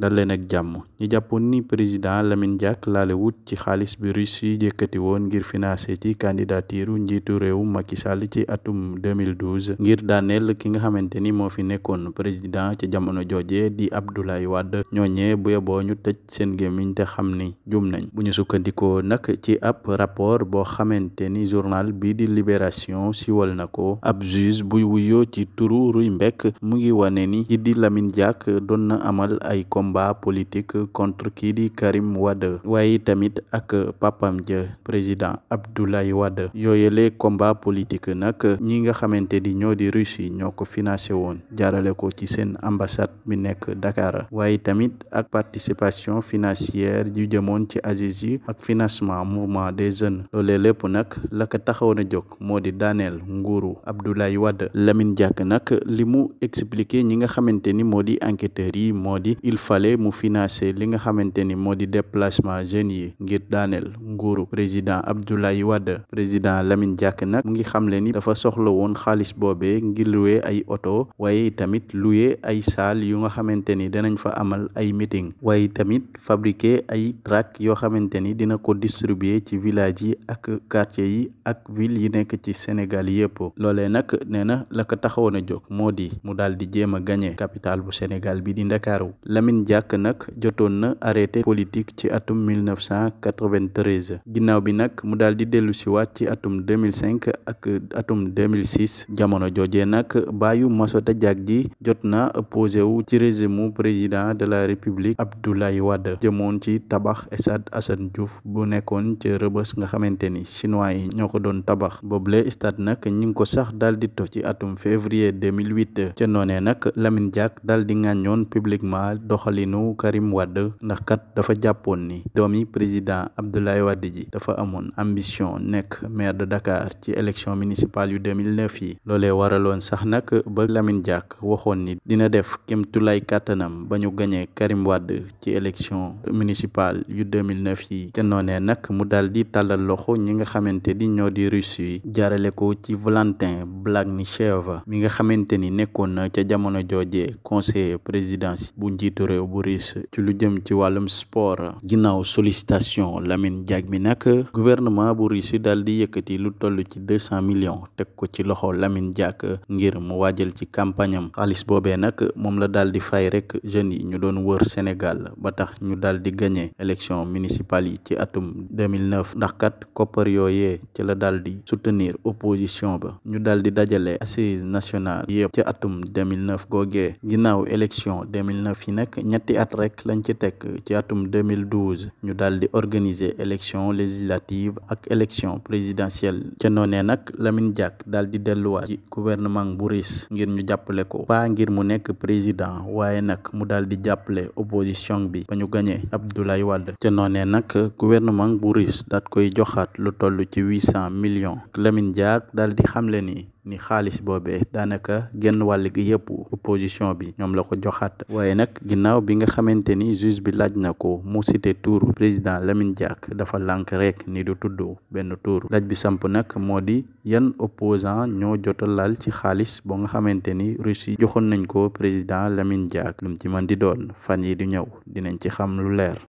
dal leen jàmm ñi jàppoon ni président Lamine Diack laale wut ci xaalis bi Russie yëkkati woon ngir financé ci u njiitu réew Macky Sall ci atum 2012 ngir daaneel ki nga xamante ni moo fi nekkoon président ci jamono jooje di Abdoulaye Wade ñooñee bu boo ñu tëj seen gémmiñ te xam ni jum nañ bu ñu sukkandikoo nag ci ab rapport boo xamante ni journal bi di Libération siwal na ko ab juge buy wuyoo ci turu Ruy Mbekk mu ngi wane ni ci di Lamine Diack doon combat politique contre kii di Karim Wade waaye tamit ak papam ja président Abdoulaye Wade yooyule combat politique nag ñi nga xamante di ñoo di Russie ñoo ko financé woon jaarale ko ci seen ambassade bi nekk Dakar waaye tamit ak participation financière ju jëmoon ci AGEJ yi ak financement mouvement des jeunes loolee lépp nag la ko taxaw na jóg moo di daaneel nguuru Abdoulaye Wade Lamine Diack nag li mu ñi nga xamante ni moo di enquêteurs jàppale mu financé li nga xamante ni moo di déplacement jeunes yi ngir daaneel nguuru président Abdoulaye Wade président Lamine Diack nag mu ngi xamle ni dafa soxla woon xaalis boobee ngir luwe ay oto waaye tamit luwe ay salle yu nga xamante ni danañ fa amal ay meeting waaye tamit fabriquer ay tract yoo xamante ni dina ko distribuer ci village yi ak quartier yi ak ville yi nekk ci Sénégal yëpp loolee nag nee na la ko taxawoon a moo di mu dal di jéem a gagné capitale bu Sénégal bi di Ndakaaru jàkk nag jotoon na arrêté politique ci atum 1993 ginnaaw bi nag mu daal di dellu si waat ci atum 2005 ak atum 2006 jamono joojee nag baayu Massoata Diack ji jot na posé wu ci régime président de la république Abdoulaye Wade jëmoon ci tabax stade assan Diouf bu nekkoon ca Rebeuss nga xamante ni chinois yi ñoo ko doon tabax boobule stade nag ñi ngi ko sax daal di toj ci atum février 2008 ca noonee nag Lamine Diack dal di ŋàññoon publiquement doxal doxalinu Karim Wade ndax kat dafa jàppoon ni doomi président Abdoulaye Wade ji dafa amoon ambition nekk maire de Dakar ci élection municipale yu 2009 yi loolee waraloon sax nag ba lamin Diack waxoon ni dina def kémtulaay kàttanam ba ñu gañee Karim Wade ci élection municipale yu 2009 yi te noonee nag mu daal di tàllal loxo ñi nga xamante di ñoo di Russie yi jaarale ko ci Valentin Blagnichev mi nga xamante ni nekkoon na ca jamono joojee conseiller présidentiel bu njiitu dayoo bu riis ci lu jëm ci wàllum sport ginnaaw sollicitation lamin jaag bi nag gouvernement bu yi dal di yëkkati lu toll ci deux cent millions teg ko ci loxo Lamine Diack ngir mu waajal ci campagne am xaalis boobee nag moom la dal di fay rek jeunes yi ñu doon wër Sénégal ba tax ñu daal di gagné élection municipale yi ci atum 2009 ndax kat koppar yooyee ci la dal di soutenir opposition ba ñu daal di dajale assise nationale yëpp ci atum googee ginnaaw élection yi nag ñetti at rek lañ ci tekk ci atum 2012 ñu daal di organiser élection législative ak élection présidentielle ca noonee nag Lamine Diack daal di delluwaat ci gouvernement bu riis ngir ñu jàppale ko pas ngir mu nekk président waaye nag mu daal di jàppale opposition bi ba ñu gañee Abdoulaye Wade ca noonee nag gouvernement bu riis daat koy joxaat lu toll ci huit cent millions Lamine Diack daal di xamle ni ni xaalis boobee daanaka genn wàll gi yëpp opposition bi ñoom la ko joxaat waaye nag ginnaaw bi nga xamante ni juge bi laaj na ko mu cité tur président Lamine Diack dafa lànk rek ni du tudd benn tur laaj bi samp nag moo di yan opposant ñoo jota laal ci xaalis boo nga xamante ni Russie joxoon nañ ko président Lamine Diack lu mu ci man di doon fan yi di ñëw dinañ ci xam lu leer